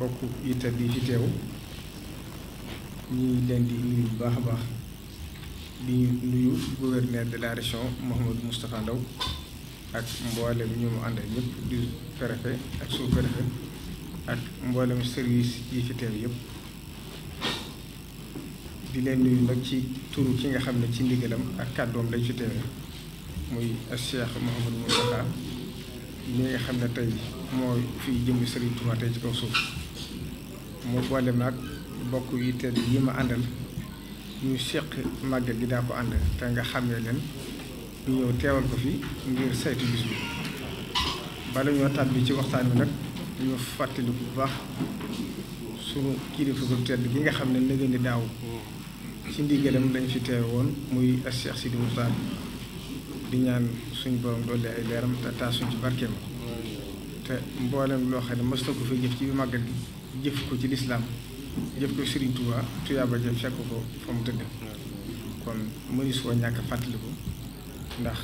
bokk itam di fi teew ñu leen di nuyu bu baax a baax di nuyu gouverneur de la région Mouhamadou Moustapha Ndaw ak mboolem ñu mu àndal ñëpp di préfet ak sous-préfet ak mboolem service yi fi teew yëpp di leen nuyu nag ci turu ki nga xam ne ci ndigalam ak kàddoom lañ fi teewee muy Cheikh Mouhamadou Moustapha ñi nga xam ne tey mooy fii jëm Serigne Touba tey ci kaw suuf. mu boole maag bokk yi tedd yi ma àndal ñu seq màggal gi daa ko ànd te nga xamee leen ñu ñëw teewal ko fi ngir saytu bis bi bala ñoo tàbbi ci waxtaan bi nag ñu fàttaliku bu baax suñu kilifa gu tedd gi nga xam ne na ni di daaw ci ndigalam lañ fi teew woon muy Cheikh Sidi Moukhtar di ñaan suñ borom doole ay leeram te taasuñ ci barkeem te mboolem loo xam ne mës ko fi jëf ci bi màggal gi jëf ko ci lislaam jëf ko Serigne Touba tuyaaba ja fekk ko fa mu tëdd kon mënees koo ñàkk fàttaliku ndax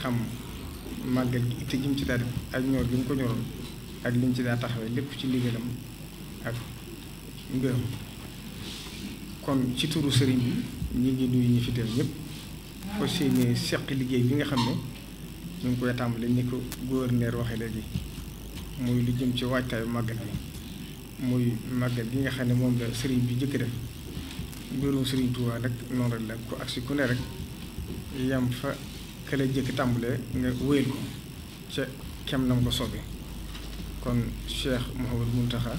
xam màggal gi itte gi mu ci daal ak ñor gi mu ko ñoroon ak li mu ci daa taxawee lépp ci liggéeyam ak mbiram kon ci turu sëriñ bi ñu ngi nuyu ñi fi ñëpp foo séenee seq liggéey bi nga xam ne ñu ngi koy tàmbali ni ko gouverneur waxee léegi muy lu jëm ci waajtaayu màggal bi muy màggal gi nga xam ne moom la sëriñ bi jëkk def mbirum sëriñ Tuubaa nag noonu rek la ku agsi ku ne rek yam fa kële jëkk tàmbalee nga wéyal ko ca kem nam ko sobe kon Cheikh mu taxa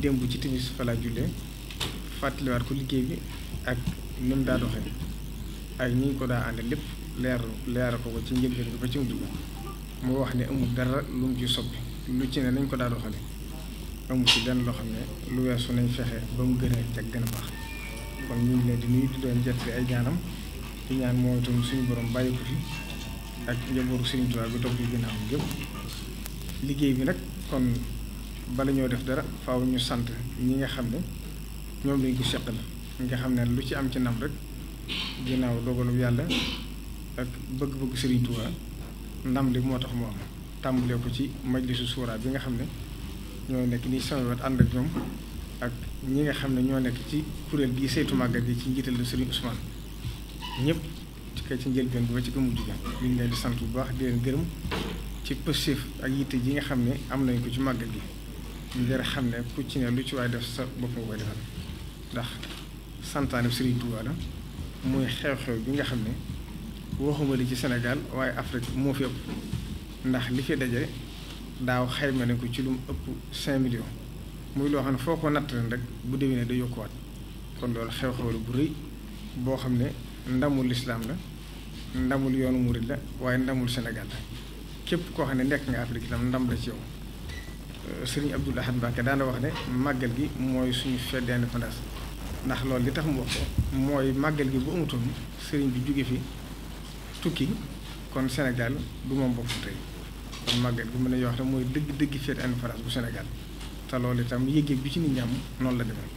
démb ci timis fa laa jullee fàttaliwaat ko liggéey bi ak ni mu daa doxee ak ni ñu ko daa ànd lépp leer leer ko ko ci njëlbeen bi ba ci mujj mu wax ne amul dara lu mu ci soppi lu ci ne nañ ko daa doxale amul ci lenn loo xam ne lu weesu nañ fexe ba mu gën a jag baax kon ñu ngi di nuyu di doon jotali ay ñaanam di ñaan moom itam suñu borom bàyyi ko fi ak njabootu Sëriñ Tuubaa bi topp yi ginnaawam liggéey bi nag kon bala ñoo def dara faw ñu sant ñi nga xam ne ñoom lañ ko seqal nga xam ne lu ci am ci nam rek ginnaaw dogalu yàlla ak bëgg-bëgg Sëriñ Tuubaa ndam li moo tax moo am tàmbalee ko ci majlisu suuraa bi nga xam ne ñoo nekk nii sama wet ànd ak ñoom ak ñi nga xam ne ñoo nekk ci kuréel gi saytu màggat gi ci njiitalu Serigne Ousmane ñëpp ci kay ci njëlbeen bi ba ci ko mujj gi ñu ngi leen di sant bu baax di gërëm ci positif ak yitte ji nga xam ne am nañ ko ci màggat gi ngir xam ne ku ci ne lu ci waay def sa bopp nga koy defal ndax santaane Serigne Touba la muy xew-xew bi nga xam ne waxuma li ci senegal waaye Afrique moo fi ëpp ndax li fi daje. daaw xayma nañ ko ci lu ëpp 5 millions muy loo xam ne foo ko natt ren rek bu déwénee day yokkuwaat kon loolu xew-xew la bu rëy boo xam ne ndamul lislaam la ndamul yoonu murid la waaye ndamul senegal la képp koo xam ne nekk nga Afrique itam ndam la ci yow euh, sëriñ Abdoul Ahad Mbacké daana wax ne màggal gi mooy suñu fête d'indépendance ndax loolu li tax mu ko mooy màggal gi bu amutoon sëriñ bi jóge fi tukki kon Sénégal du moom bopp kon màggal gi mën nañu wax ne mooy dëgg dëgg fête indépendance bu senegal te lool itam yëg bi ci nit ñi am la demee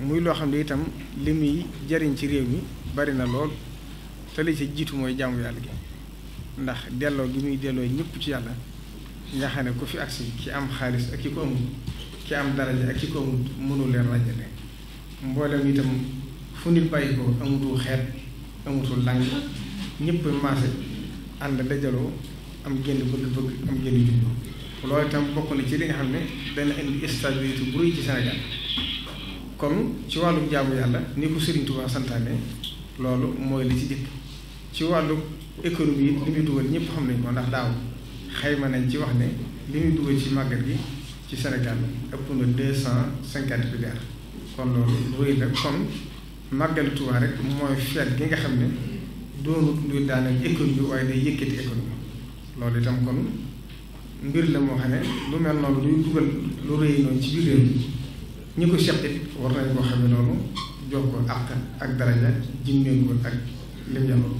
muy loo xam ne itam li muy jariñ ci réew mi bari na lool te li ci jiitu mooy jaamu yàlla gi ndax delloo gi muy delloo ñëpp ci yàlla nga ko fi agsi ki am xaalis ak ki ko amul ki am daraja ak ki ko amul mënu leen ràññale mboolem itam fu nit bàyyi ko amutu xeet amutu làng ñëpp maase ànd dajaloo am génn bëgg-bëgg am génn jublu loolu tam bokk na ci li nga xam ne dana indi stabilité bu rëy ci Sénégal kon ci wàllu jaamu yàlla ni ko Serigne Touba santaane loolu mooy li ci jëkk ci wàllu économie yi li muy dugal ñëpp xam nañ ko ndax daaw xayma nañ ci wax ne li muy dugal ci màggal gi ci Sénégal ëpp na deux cent cinquante milliards kon loolu rëy la kon màggalu Touba rek mooy feet gi nga xam ne doonut luy daaneel économie waaye day yëkkati économie loolu itam kon mbir la moo xam ne lu mel noonu luy dugal lu rëy noonu ci biir réew ñi ko seq it war nañ koo ne noonu jox ko àq ak daraja jimmeeku ak lim yàlloon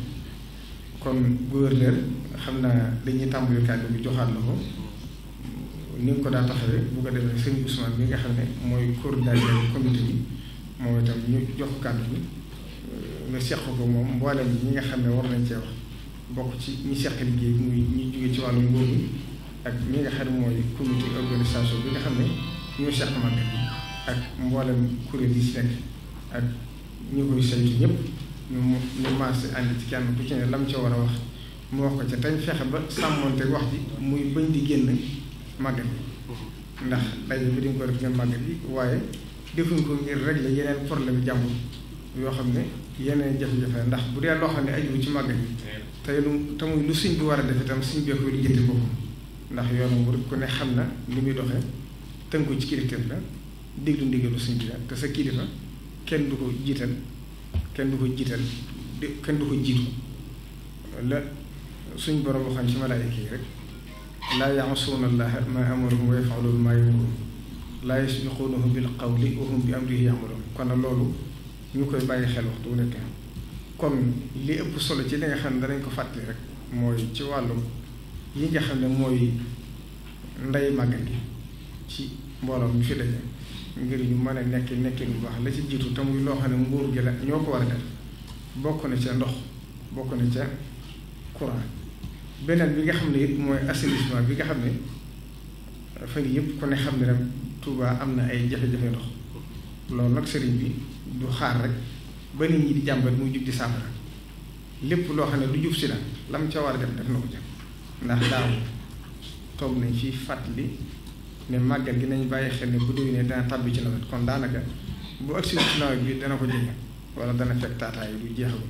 kon gouverneur xam naa dañuy tàmbali kàddu bi joxaat la ko ni ko daa taxawee bu ko demee sëñ Ousmane bi nga xam ne mooy coordinateur comité bi moom itam ñu jox kàddu bi nga seq ko moom mboolem ñi nga xam ne war nañ cee bokk ci ñi seq liggéey bi muy ñi ci wàllu nguur gi ak ñi nga xam ne mooy comité organisation bi nga xam ne ñoo seq màggal bi ak mboolem kuréel yi si nekk ak ñu koy saytu ñëpp ñu ñu maase ànd ci kenn ku ci ne lam ca war a wax moo wax ko ca tañ fexe ba sàmmonte wax bi muy bañ di génn màggal bi mhm. ndax daje bi dañ ko def ngeen màggal bi waaye defuñ ko ngir rek la yeneen problème jàmbur yoo xam ne yeneen jafe-jafe ndax bu dee loo xam ne ajubu ci màggal yi tey lu te muy lu sëñ bi war a def itam sëñ bee koy lijjanti boppam ndax yoonu murid ku ne xam na ni muy doxee tënku ci kilifteef la déglu ndigalu sëñ bi la te sa kilifa kenn du ko jiital kenn du ko jiital kenn du ko jiitu la suñ borom waxoon ci malaayika yi rek laa yaasuuna allaha ma amarahum wa yafaluuna ma yumaruun laa yasbiquunahu bil qawli wa hum bi amrihi yamaluun kon loolu ñu koy bàyyi xel waxtu wu nekk kon li ëpp solo ci li nga xam ne danañ ko fàttali rek mooy ci wàllu yi nga xam ne mooy ndey màggal gi ci mbooloo mu fi daje ngir ñu mën a nekk nekkin bu baax la ci jiitu te muy loo xam ne nguur gi la ñoo ko war a def bokk na ca ndox bokk na ca courant beneen bi nga xam ne it mooy assainissement bi nga xam ne fan yëpp ko ne xam ne rek Touba am na ay jafe-jafe ndox loolu nag sëriñ bi. du xaar rek ba nit ñi di jàmbat muy jug di sàmbara lépp loo xam ne lu jub si la lam ca war a def na ko ca ndax daaw toog nañ fii fàttali ne màggal gi nañ bàyyi xel ne bu dee ne dana tàbbi ci nawet kon daanaka bu agsi ci nawet bi dana ko jënd wala dana fekk taataay du jeexagul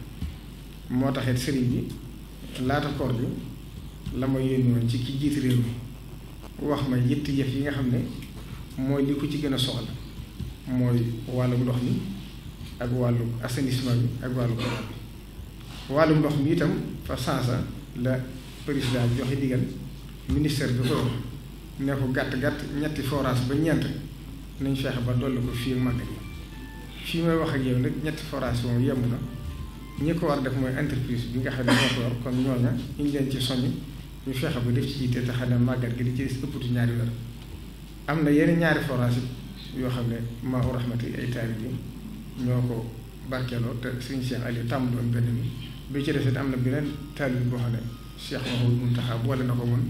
moo taxit sëriñ bi laata koor bi la ma yéen woon ci ki jiit réew mi wax ma yëtt yëf yi nga xam ne mooy li ko ci gën a soxla mooy wàllu ndox mi ak wàllu assainissement bi ak wàllu courant bi wàllu ndox mi itam fa sansa la président joxe digal ministère bi ko ne ko gàtt-gàtt ñetti forage ba ñeent nañ feexe ba dolli ko fii màggal yi fii may wax ak yow nag ñetti forage moom yemb na ñi ko war def mooy entreprise bi nga xam ne moo ko war kon ñooña ñu leen ci soññ ñu feexe ba def ci yitte te xam ne gi di ci ëppatu ñaari weer am na yenn ñaari forage yoo xam ne maa rahmati ay taari bi ñoo ko barkeeloo te suñu Cheikh Aliou tàmm doon benn bi bi ci des am na beneen taalib boo xam ne Cheikh Mawal Mountakha boole na ko moom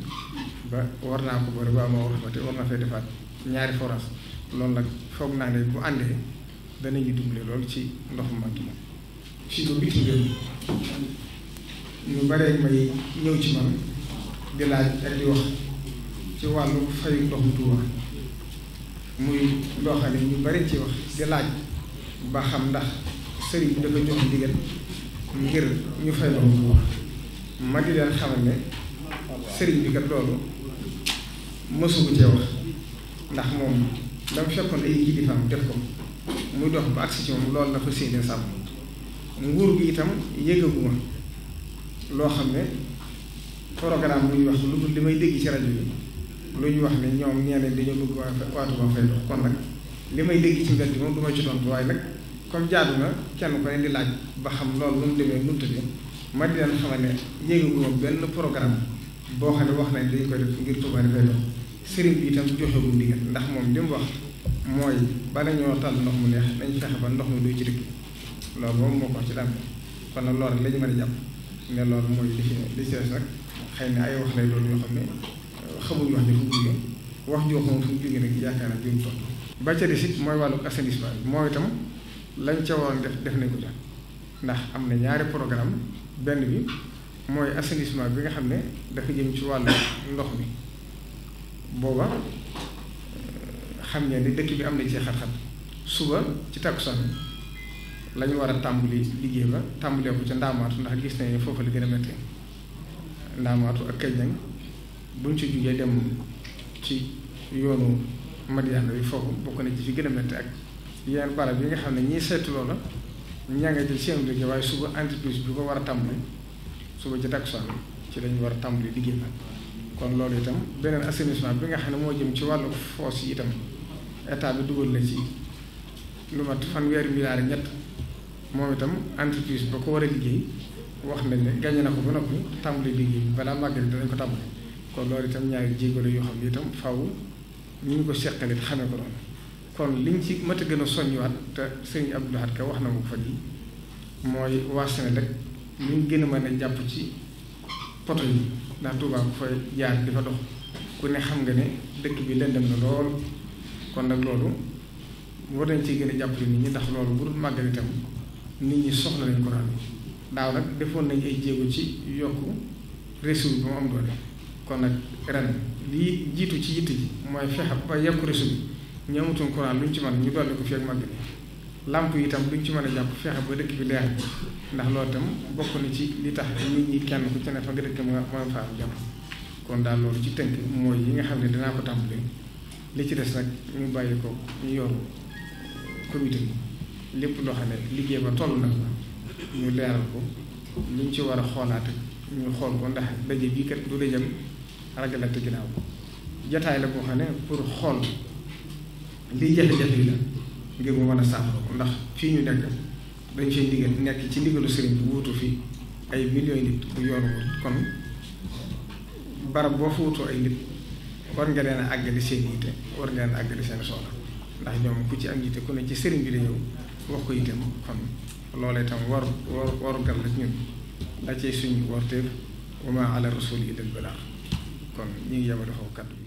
ba war naa ko boole waaw moo war fa te war na fay defaat ñaari forage loolu nag foog naa ne bu àndee danañu dimbali lool ci ndox mu mag moom. fii ba bitim réew ñu may ñëw ci man di laaj ak di wax ci wàllu fayu ndox mu Tuuba muy loo xam ne ñu bari ci wax di laaj. ba xam ndax sëriñ bi dafa jox ndigal ngir ñu fay loolu ma di leen xamal ne sëriñ bi kat loolu mësu ko cee wax ndax moom dama fekkoon ay kilifaam def ko muy dox ba agsi ci moom loolu la fa séenee sàmm nguur gi itam yëgaguma loo xam ne programme bu ñu wax lu dul li may dégg ci rajo bi lu ñu wax ne ñoom ñeneen dañoo bëgg waa waatu ba fay dox kon nag li may dégg ci mbedd bi moom du ma ci doon waaye nag comme jaadu na kenn ku ne di laaj ba xam loolu nu mu demee nu mu tëddee ma di leen xamal ne yéegaguma benn programme boo xam ne wax nañ dañ koy def ngir Touba dafay dox sëriñ bi itam joxewul ndigal ndax moom li mu wax mooy bala ñoo tal ndox mu neex nañ fexe ba ndox mu duy ci dëkk loolu moom moo ko ci daan kon nag loolu lañ mën a jàpp ne loolu mooy li ci li ci ay wax lay doon yoo xam ne xamuñ wax ne fu mu jógee wax joo xam fu mu jógee yaakaar naa jiw toog. ba ca des it mooy wàllu assainissement bi moo itam lañ ca waroon def def nañ ko ca ndax am na ñaari programme benn bi mooy assainissement bi nga xam ne dafa jëm ci wàllu ndox bi booba euh, xam ngeen ni dëkk bi am nañ ci xat-xat suba ci takkusaan la ñu war a tàmbali liggéey ba tàmbalee ko ca ndaamaatu ndax gis nañu foofu la gën a métti ndaamaatu ak Kajang buñ ci jugee dem ci yoonu. Madiyana bi foofu bokk na ci fi gën a métti ak yeneen barab yi nga xam ne ñiy seetu loola ñaa nga jël seen liggéey waaye suba entreprise bi ko war a tàmbali suba ci takkusaan ci lañuy war a tàmbali liggéey kon loolu itam beneen assainissement bi nga xam ne moo jëm ci wàllu foos yi itam état bi dugal na ci lu mat fanweeri milliards ñett moom itam entreprise ba ko war a liggéey wax nañ ne gagné na ko ba noppi tàmbali liggéey balaa màggal danañ ko tàmbali kon loolu itam ñaari jéego yoo xam ne itam faaw. ñu ngi ko seqalit xamee ko noonu kon li ci mat a gën a soññiwaat te sëriñ Abdou Lahad Ka wax na mu fa ji mooy waa Sénégal ñu gën a mën a jàpp ci poto yi ndax Tuubaa ku fa jaar di fa dox ku ne xam nga ne dëkk bi dem na lool kon nag loolu war nañ ci gën a jàppale nit ñi ndax loolu bu dul màggal itam nit ñi soxla nañ courant bi daaw nag defoon nañ ay jéego ci yokk réseau bi ba mu am doole kon nag ren lii jiitu ci yitte ji mooy fexe ba yokk réseau bi ñu amatul courant luñ ci man ñu dolli ko fi ak mag bi làmp yi itam luñ ci mën a jàpp fexe ba dëkk bi leer ndax loolu itam bokk na ci li tax nit kenn ku ci ne fa nga dëkk moo moo kon daal loolu ci tënk mooy yi nga xam ne dinaa ko tàmbali li ci des nag ñu bàyyi ko ñu yoru comité bi loo xam ne liggéey ba toll na ñu ko luñ ci war a xoolaat ñu xool ko ndax daje bii kat du dajam ragalante ginnaaw jotaay la boo xam ne pour xool liy jafe-jafe yi la ngir mu mën a saafara ndax fii ñu nekk dañ fay ndigal nekk ci ndigalu sëriñ bu wuutu fii ay millions nit bu yoonu boo fa ay nit war nga leen a àggali a àggali ku ci am yitte ci sëriñ bi la ñëw wax ko yitteem kon loolee tam war war la ñun la cay suñu warteef wa maa ala rasul illa al balaa kon ñu ngi yemale foofu kàddu